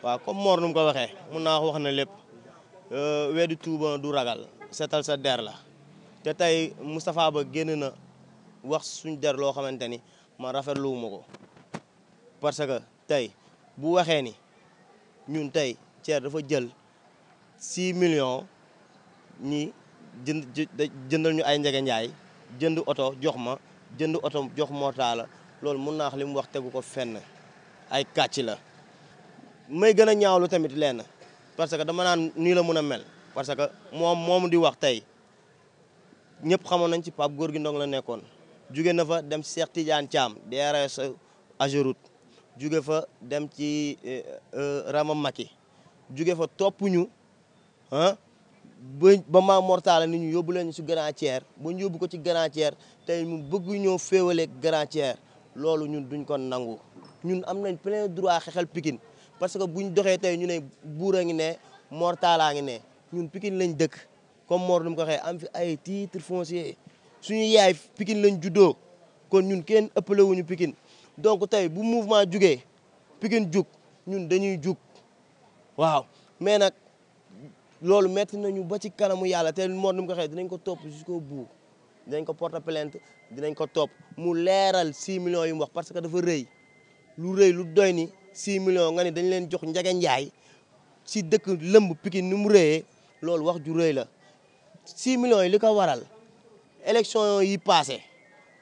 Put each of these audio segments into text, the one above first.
waaw comme Mor nu mu ko waxee mun naa wax na lépp euh, weddi tuuba du ragal seetal sa der la te tey Moustapha Ba génn na wax suñ der loo xamante ni ma rafetluwuma ko parce que tey bu waxee ni ñun tey Thier dafa jël 6 million ñi jënd jëndal ñu ay njege njaay jënd oto jox ma jënd oto jox mootaala loolu mun naa wax li mu wax tegu ko fenn ay kàcc la may gën a ñaawlu tamit lenn parce que dama naan nii la mun a mel parce que moom moom di wax tey ñëpp xamoon nañ ci Pape gi Ndong la nekkoon jóge na fa dem Cheikh Tidiane Thiam DRS Ageroute jóge fa dem ci eh, eh, Rama Maki jóge fa topp ñu ah ba ba ma mortala ni ñu yóbbu leen si Grand Thier ba ñu yóbbu ko ci Grand Thier tey mu bëgg ñoo féewaleeg Grand Thier loolu ñun duñ kon nangu ñun am nañ plein droit xeexal Pikine parce que bu buñ doxee tey ñu ne buur a ngi ne mortala ngi ne ñun Pikine lañ dëkk comme mor nu ko waxee am fi ay titre foncier suñu yaay Pikine lañ juddoo kon ñun kenn ëppale pikin Pikine donc tey bu mouvement jugee Pikine jug ñun dañuy jug waaw mais nag loolu metti nañu ba ci kanamu yàlla te moo ni mu ko xëy dinañ ko topp jusqu'au bout dinañ ko porter plainte dinañ ko topp mu leeral 6 millions yu mu wax parce que dafa rëy lu rëy lu doy ni 6 millions nga ne leen jox njage njaay si dëkk lëmb Pikine ni mu rëyee loolu wax ju rëy la 6 millions yi li ko waral élection yi passé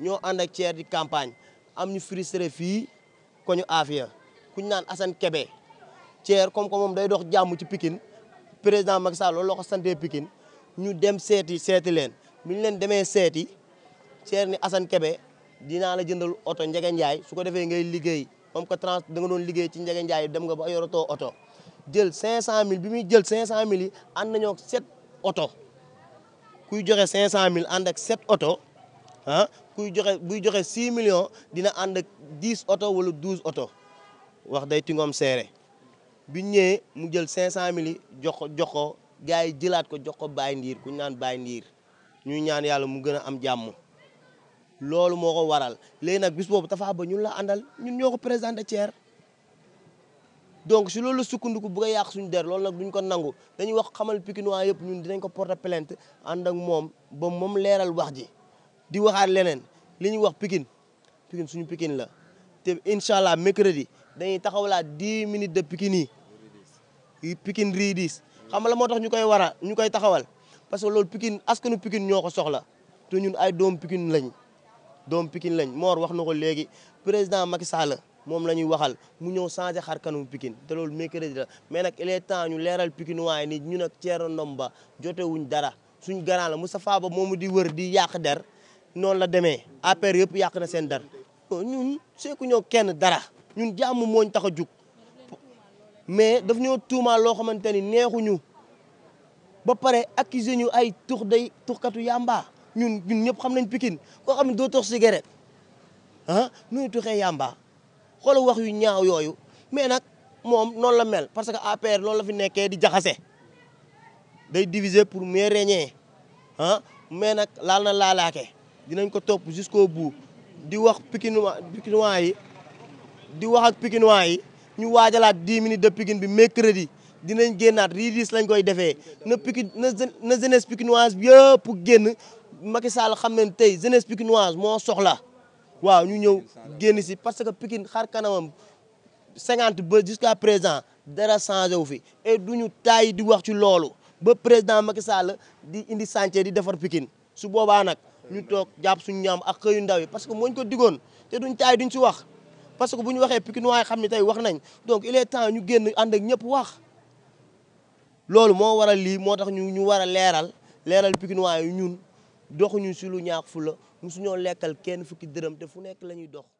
ñoo ànd ak ceer di campagne am ñu frustré fii ko ñu aafiya kuñ naan Assane kebe ceer comme que moom day dox jàmm ci Pikine président Macky Sall loolu la ko santee Pikine ñu dem seeti seeti leen bu leen demee seeti Thierno Assane kebe dinaa la jëndal oto Ndiaga Ndiaye su ko defee ngay liggéey comme que trans da nga doon liggéey ci Ndiaga Ndiaye dem nga ba oto jël 500000 bi muy jël 500000 yi ànd nañoo ak 7 oto kuy joxe cinq cent 500000 ànd ak 7 oto ah kuy joxe buy joxe 6 millions dina ànd ak 10 oto wala 12 oto wax day tingoom seere bi ñëwee mu jël 500 mille jox ko jox ko gars yi jëlaat ko jox ko Baye Ndiir ku ñu naan Baye Ndiir ñuy ñaan yàlla mu gën a am jàmm. loolu moo ko waral léegi nag bis boobu Tapha Ba ñun la àndal ñun ñoo ko présenté Thier donc si loolu la sukkandiku bëgg a yàq suñu der loolu nag duñ ko nangu dañuy wax xamal Pikinois yëpp ñun dinañ ko porter plainte ànd ak moom ba moom leeral wax ji di waxaat leneen li ñuy wax pikin Pikine suñu Pikine la te incha allah mercredi dañuy taxawlaat 10 minutes de Pikine yi Pikine Ridis xam nga la moo tax ñu koy war a ñu koy taxawal parce que loolu Pikine askanu Pikine ñoo ko soxla te ñun ay doom Pikine lañ doom Pikine lañ Mor wax na ko léegi président Macky Sall moom la ñuy waxal mu ñëw changé xar kanamu Pikine te loolu mercredi la mais nag il est temps ñu leeral Pikine waaye ni ñun ak Thierno Ndomba jotewuñ dara suñ garant la Moustapha Ba moomu di wër di yàq der noonu la demee APR yëpp yàq na seen der ñun ñoo kenn dara ñun jàmm mooñ tax a jug mais daf ñoo tuumaal loo xamante ni neexuñu ba pare accuser ñu ay tux day tuxkatu yàmba ñun ñun ñëpp xam nañ pikin koo xam ne doo tux cigarette ah nuy tuxee yàmba xoola wax yu ñaaw yooyu mais nag moom noonu la mel parce que APR loolu la fi nekkee di jaxase day diviser pour mieux régner ah mais nag laal na laalaake dinañ ko topp jusqu'au bout di wax Pikinois Pikinois yi di wax ak pikinois yi ñu waajalaat 10 minutes de Pikine bi mercredi dinañ génnaat riidis lañ koy defee na Pikine na jeunesse pikinoise yëpp génn Macky Sall xam ne tey jeunesse pikinoise moo soxla waaw ñu ñëw génn si parce que Pikine xar kanamam 50 ba jusqu'à présent dara changé wu fi et duñu taay di wax ci loolu ba président Macky Sall di indi chantier di defar Pikine su boobaa nag ñu toog jàpp suñu ñaam ak xëyu ndaw yi parce que mooñ ko digoon te duñ taay duñ ci wax parce que bu ñu waxee Pikinois yi xam ne tey wax nañ donc il est temps ñu génn ànd ak ñëpp wax loolu moo waral lii moo tax ñu ñu war a leeral leeral Pikinois yi ñun doxuñu si lu ñaax fu la mosuñoo lekkal kenn fukki dërëm te fu nekk la ñuy dox